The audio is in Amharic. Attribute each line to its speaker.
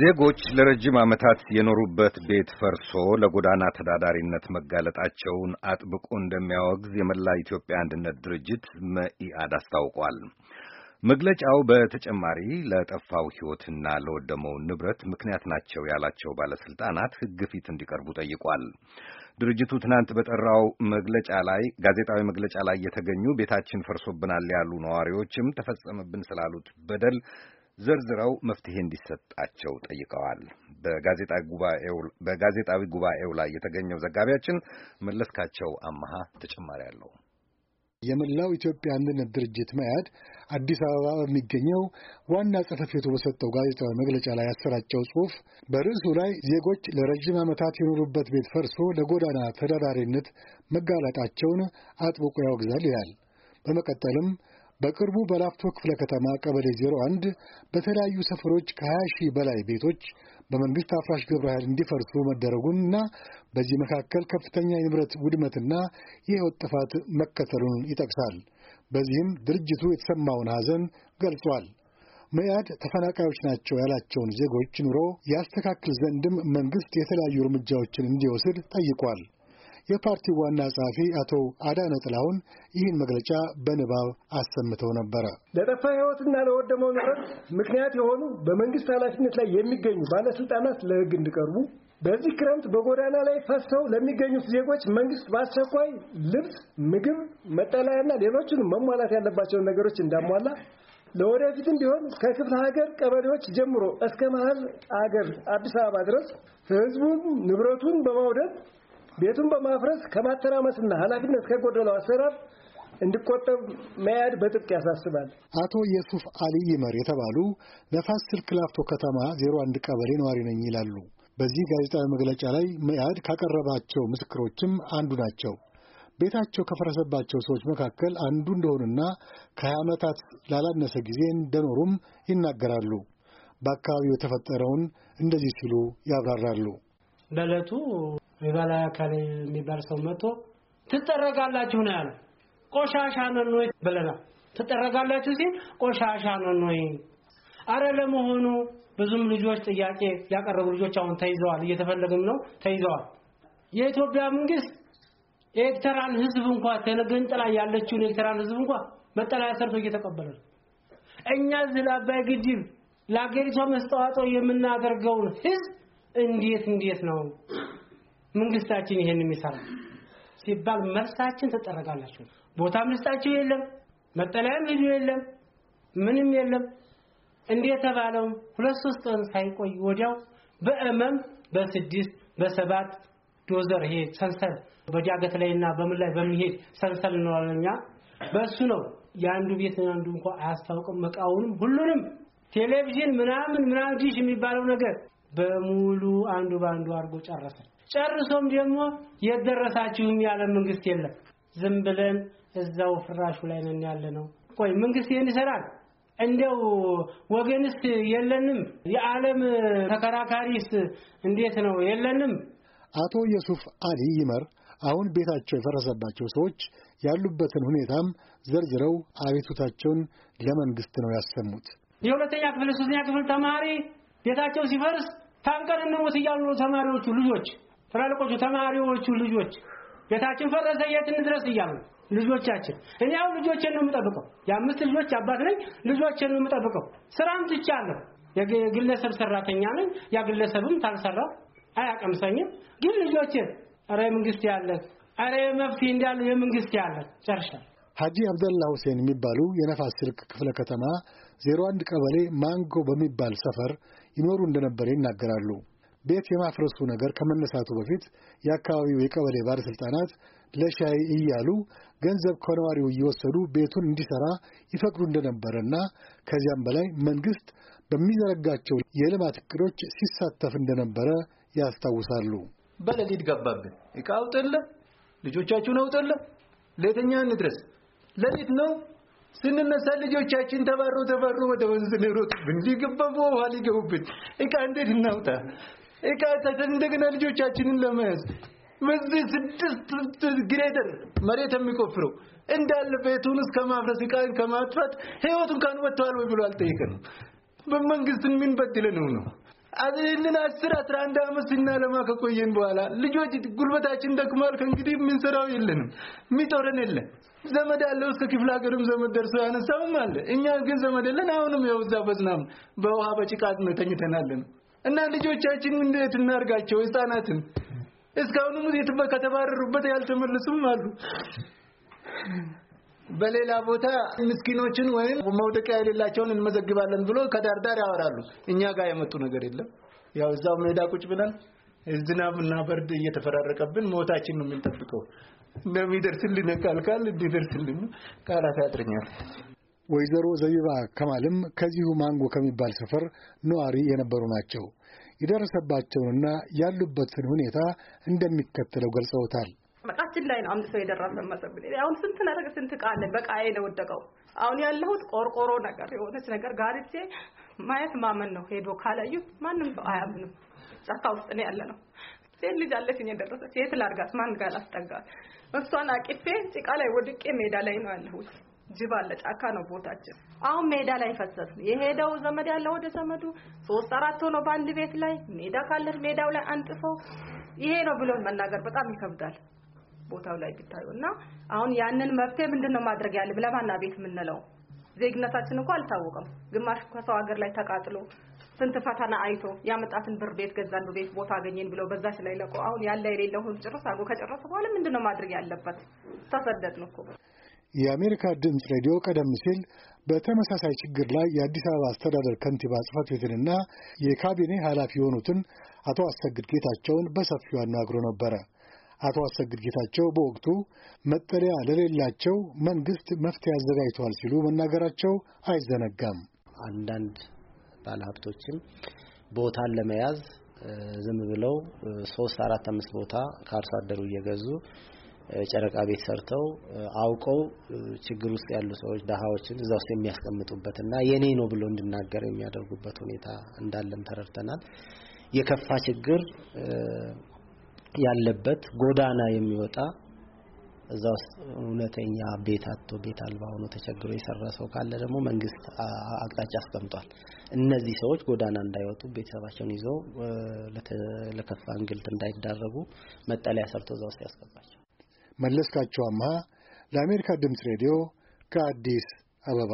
Speaker 1: ዜጎች ለረጅም ዓመታት የኖሩበት ቤት ፈርሶ ለጎዳና ተዳዳሪነት መጋለጣቸውን አጥብቆ እንደሚያወግዝ የመላ ኢትዮጵያ አንድነት ድርጅት መኢአድ አስታውቋል። መግለጫው በተጨማሪ ለጠፋው ሕይወትና ለወደመው ንብረት ምክንያት ናቸው ያላቸው ባለስልጣናት ሕግ ፊት እንዲቀርቡ ጠይቋል። ድርጅቱ ትናንት በጠራው መግለጫ ላይ ጋዜጣዊ መግለጫ ላይ የተገኙ ቤታችን ፈርሶብናል ያሉ ነዋሪዎችም ተፈጸመብን ስላሉት በደል ዘርዝረው መፍትሄ እንዲሰጣቸው ጠይቀዋል። በጋዜጣዊ ጉባኤው ላይ የተገኘው ዘጋቢያችን መለስካቸው አመሃ ተጨማሪ አለው። የመላው ኢትዮጵያ አንድነት ድርጅት መያድ አዲስ አበባ በሚገኘው ዋና ጽሕፈት ቤቱ በሰጠው ጋዜጣዊ መግለጫ ላይ ያሰራጨው ጽሑፍ በርዕሱ ላይ ዜጎች ለረዥም ዓመታት የኖሩበት ቤት ፈርሶ ለጎዳና ተዳዳሪነት መጋለጣቸውን አጥብቆ ያወግዛል ይላል። በመቀጠልም በቅርቡ በላፍቶ ክፍለ ከተማ ቀበሌ 01 በተለያዩ ሰፈሮች ከ20 ሺህ በላይ ቤቶች በመንግስት አፍራሽ ግብረ ኃይል እንዲፈርሱ መደረጉን እና በዚህ መካከል ከፍተኛ የንብረት ውድመትና የሕይወት ጥፋት መከተሉን ይጠቅሳል። በዚህም ድርጅቱ የተሰማውን ሐዘን ገልጿል። መያድ ተፈናቃዮች ናቸው ያላቸውን ዜጎች ኑሮ ያስተካክል ዘንድም መንግስት የተለያዩ እርምጃዎችን እንዲወስድ ጠይቋል። የፓርቲው ዋና ጸሐፊ አቶ አዳነ ጥላሁን ይህን መግለጫ በንባብ አሰምተው ነበረ። ለጠፋ ሕይወትና ለወደመው ንብረት ምክንያት የሆኑ በመንግስት ኃላፊነት ላይ የሚገኙ ባለስልጣናት ለህግ እንዲቀርቡ በዚህ ክረምት በጎዳና ላይ ፈሰው ለሚገኙት ዜጎች መንግስት በአስቸኳይ ልብስ፣ ምግብ፣ መጠለያና ሌሎችንም መሟላት
Speaker 2: ያለባቸውን ነገሮች እንዳሟላ ለወደፊትም ቢሆን ከክፍለ ሀገር ቀበሌዎች ጀምሮ እስከ መሀል አገር አዲስ አበባ ድረስ ህዝቡን ንብረቱን በማውደድ
Speaker 1: ቤቱን በማፍረስ ከማተራመስና ኃላፊነት ከጎደለው አሰራር እንዲቆጠብ
Speaker 2: መያድ በጥብቅ ያሳስባል።
Speaker 1: አቶ ኢየሱፍ አሊ ይመር የተባሉ ነፋስ ስልክ ላፍቶ ከተማ ዜሮ አንድ ቀበሌ ነዋሪ ነኝ ይላሉ። በዚህ ጋዜጣዊ መግለጫ ላይ መያድ ካቀረባቸው ምስክሮችም አንዱ ናቸው። ቤታቸው ከፈረሰባቸው ሰዎች መካከል አንዱ እንደሆኑና ከሀያ ዓመታት ላላነሰ ጊዜ እንደኖሩም ይናገራሉ። በአካባቢው የተፈጠረውን እንደዚህ ሲሉ ያብራራሉ።
Speaker 3: በዕለቱ የበላይ አካል የሚባል ሰው መጥቶ ትጠረጋላችሁ ነው ያለው። ቆሻሻ ነን ወይ ብለናል። ትጠረጋላችሁ ሲል ቆሻሻ ነን ወይ? አረ ለመሆኑ ብዙም ልጆች ጥያቄ ያቀረቡ ልጆች አሁን ተይዘዋል፣ እየተፈለገም ነው ተይዘዋል። የኢትዮጵያ መንግስት የኤርትራን ህዝብ እንኳን ተነገንጥላ ያለችውን የኤርትራን ህዝብ እንኳን መጠለያ ሰርቶ እየተቀበለ ነው። እኛ እዚህ ለአባይ ግድብ ለአገሪቷ መስተዋጽኦ የምናደርገውን ህዝብ እንዴት እንዴት ነው መንግስታችን ይሄን የሚሰራ ሲባል መልሳችን ትጠረጋላችሁ። ቦታም ልስጣችሁ የለም፣ መጠለያም ልዩ የለም፣ ምንም የለም። እንደተባለው ሁለት ሶስት ቀን ሳይቆይ ወዲያው በእመም በስድስት በሰባት ዶዘር ይሄ ሰንሰል በጃገት ላይና በምን ላይ በሚሄድ ሰንሰል እንለዋለኛ በሱ ነው የአንዱ ቤት አንዱ እንኳን አያስታውቅም። እቃውንም ሁሉንም ቴሌቪዥን ምናምን ምናምን ዲሽ የሚባለው ነገር በሙሉ አንዱ በአንዱ አድርጎ ጨረሰ። ጨርሶም ደግሞ የደረሳችሁም ያለ መንግስት የለም። ዝም ብለን እዛው ፍራሹ ላይ ነን ያለ ነው። ቆይ መንግስት ይህን ይሰራል? እንደው ወገንስ የለንም? የዓለም ተከራካሪስ እንዴት ነው? የለንም።
Speaker 1: አቶ ዩሱፍ አሊ ይመር አሁን ቤታቸው የፈረሰባቸው ሰዎች ያሉበትን ሁኔታም ዘርዝረው አቤቱታቸውን ለመንግስት ነው ያሰሙት።
Speaker 3: የሁለተኛ ክፍል ሶስተኛ ክፍል ተማሪ ቤታቸው ሲፈርስ ታንቀን እንሞት እያሉ ነው ተማሪዎቹ ልጆች፣ ትላልቆቹ ተማሪዎቹ ልጆች ቤታችን ፈረሰ የት እንድረስ እያሉ ልጆቻችን። እኔ ያው ልጆቼን ነው የምጠብቀው። የአምስት ልጆች አባት ነኝ። ልጆቼን ነው የምጠብቀው። ስራም ትቻለሁ። የግለሰብ ሰራተኛ ነኝ። ያ ግለሰብም ታልሰራው አያቀምሰኝም። ግን ልጆቼ፣ አረ መንግስት ያለ አረ መፍትሄ እንዳሉ የመንግስት ያለ ጨርሻለሁ።
Speaker 1: ሐጂ አብደላ ሁሴን የሚባሉ የነፋስ ስልክ ክፍለ ከተማ ዜሮ አንድ ቀበሌ ማንጎ በሚባል ሰፈር ይኖሩ እንደነበረ ይናገራሉ። ቤት የማፍረሱ ነገር ከመነሳቱ በፊት የአካባቢው የቀበሌ ባለሥልጣናት ለሻይ እያሉ ገንዘብ ከነዋሪው እየወሰዱ ቤቱን እንዲሠራ ይፈቅዱ እንደነበረና ከዚያም በላይ መንግሥት በሚዘረጋቸው የልማት እቅዶች ሲሳተፍ እንደነበረ ያስታውሳሉ።
Speaker 2: በሌሊት ገባብን፣ እቃ አውጥልህ፣ ልጆቻችሁን አውጥልህ፣ ለየተኛ እንድረስ ለሊት ነው ስንነሳ ልጆቻችን ተባሮ ተባሮ ወደ ወንዝ ሊሮጡብን ሊገባቡ ውሃ ሊገቡብን እቃ እንዴት እናውጣ እቃ እንደገና ልጆቻችንን ለመያዝ በዚህ ስድስት ግሬደር መሬት የሚቆፍረው እንዳለ ቤቱን እስከ ማፍረስ እቃን ከማጥፋት ህይወቱን ካን ወጥቷል ወይ ብሎ አልጠየቀንም። በመንግስትን ምን በድለ ነው ነው አዚህንን 10 11 አመት ስናለማ ከቆየን በኋላ ልጆች ጉልበታችን ደክሟል። ከእንግዲህ የምንሰራው የለንም የሚጦረን የለን ዘመድ አለ እስከ ክፍለ ሀገርም ዘመድ ደርሶ ያነሳውም አለ። እኛ ግን ዘመድ የለን። አሁንም የውዛ በዝናም በውሃ በጭቃት ነው ተኝተናለን። እና ልጆቻችን እንዴት እናርጋቸው? ህፃናትን እስካሁንም ከተባረሩበት ያልተመለሱም አሉ። በሌላ ቦታ ምስኪኖችን ወይም መውደቂያ የሌላቸውን እንመዘግባለን ብሎ ከዳርዳር ያወራሉ። እኛ ጋር የመጡ ነገር የለም። ያው እዛው ሜዳ ቁጭ ብለን ዝናብ እና በርድ እየተፈራረቀብን ሞታችን ነው የምንጠብቀው። እንደሚደርስልን ካልካል እንዲደርስልን ቃላት ያጥርኛል።
Speaker 1: ወይዘሮ ዘቢባ ከማልም ከዚሁ ማንጎ ከሚባል ሰፈር ነዋሪ የነበሩ ናቸው። የደረሰባቸውንና ያሉበትን ሁኔታ እንደሚከተለው
Speaker 3: ገልጸውታል። መቃችን ላይ ነው አንድ ሰው የደረሰ መሰብን አሁን ስንት ነገር ስንት ቃለን በቃ ነው ወደቀው። አሁን ያለሁት ቆርቆሮ ነገር የሆነች ነገር ጋርቼ ማየት ማመን ነው። ሄዶ ካለዩ ማንም ሰው አያምንም። ጫካ ውስጥ ነው ያለ ነው። ሴት ልጅ አለችኝ የደረሰች የት ላድርጋት ማን ጋር ላስጠጋት? እሷን አቂፌ ጭቃ ላይ ወድቄ ሜዳ ላይ ነው ያለሁት። ጅብ አለ ጫካ ነው ቦታችን። አሁን ሜዳ ላይ ፈሰስ የሄደው ዘመድ ያለ ወደ ዘመዱ ሶስት አራት ሆኖ በአንድ ቤት ላይ ሜዳ ካለ ሜዳው ላይ አንጥፎ ይሄ ነው ብሎን መናገር በጣም ይከብዳል። ቦታው ላይ ብታዩና አሁን ያንን መፍትሄ ምንድነው ማድረግ ያለ ለማና ቤት የምንለው ዜግነታችን እንኳ አልታወቀም። ግማሽ ከሰው ሀገር ላይ ተቃጥሎ ስንት ፈተና አይቶ ያመጣትን ብር ቤት ገዛን፣ ቤት ቦታ አገኘን ብለው በዛች ላይ ለቆ አሁን ያለ የሌለው ህዝብ ጭርስ አድርጎ ከጨረሰ በኋላ ምንድነው ማድረግ ያለበት? ተሰደድን እኮ።
Speaker 1: የአሜሪካ ድምፅ ሬዲዮ ቀደም ሲል በተመሳሳይ ችግር ላይ የአዲስ አበባ አስተዳደር ከንቲባ ጽሕፈት ቤትንና የካቢኔ ኃላፊ የሆኑትን አቶ አሰግድ ጌታቸውን በሰፊው አናግሮ ነበረ። አቶ አሰግድ ጌታቸው በወቅቱ መጠለያ ለሌላቸው መንግስት መፍትሄ አዘጋጅተዋል
Speaker 3: ሲሉ መናገራቸው አይዘነጋም። አንዳንድ ባለሀብቶችም ቦታን ለመያዝ ዝም ብለው ሶስት አራት አምስት ቦታ ከአርሶ አደሩ እየገዙ ጨረቃ ቤት ሰርተው አውቀው ችግር ውስጥ ያሉ ሰዎች ድሃዎችን እዛ ውስጥ የሚያስቀምጡበት እና የኔ ነው ብሎ እንድናገር የሚያደርጉበት ሁኔታ እንዳለም ተረድተናል። የከፋ ችግር ያለበት ጎዳና የሚወጣ እዛ ውስጥ እውነተኛ ቤት አጥቶ ቤት አልባ ሆኖ ተቸግሮ የሰራ ሰው ካለ ደግሞ መንግስት አቅጣጫ አስቀምጧል። እነዚህ ሰዎች ጎዳና እንዳይወጡ ቤተሰባቸውን ይዘው ለከፋ እንግልት እንዳይዳረጉ መጠለያ ሰርቶ እዛ ውስጥ ያስገባቸው።
Speaker 1: መለስካቸው አምሃ ለአሜሪካ ድምፅ ሬዲዮ ከአዲስ አበባ